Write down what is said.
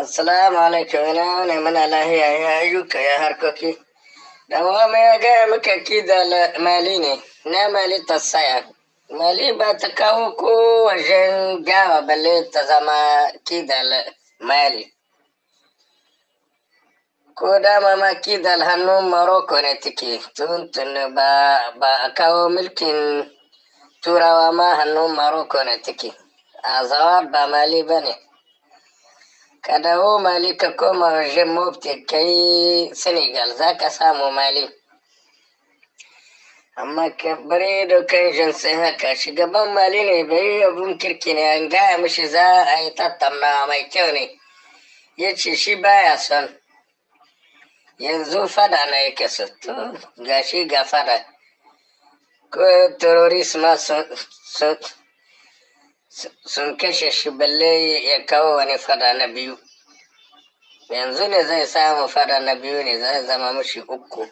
السلام عليكم أنا أنا من الله يا أيوك يا هركوكي دوام يا جامك كده ماليني نا مالي تصايا مالي باتكاوكو وجن جاوا بلي تزما كده مالي كودا ماما كده الهنو مروكو نتكي تونتن با با كاو ملكين تورا وما هنو مروكو نتكي أزواب مالي بني Kada o mali ka koma je mofti kai yi senegal za ka samu mali amma ka bare da kan jin sai haka shugaban mali ne bai yi abun kirki ne an gaya mishi za a yi tattauna mai kyau ne ya ce shi baya son yanzu fada na yake so to ga shi ga fada ko terrorist ma sun sun kashe shi balle ya kawo wani fada na biyu yanzu ne zai samu fada na biyu ne zai zama mashi uku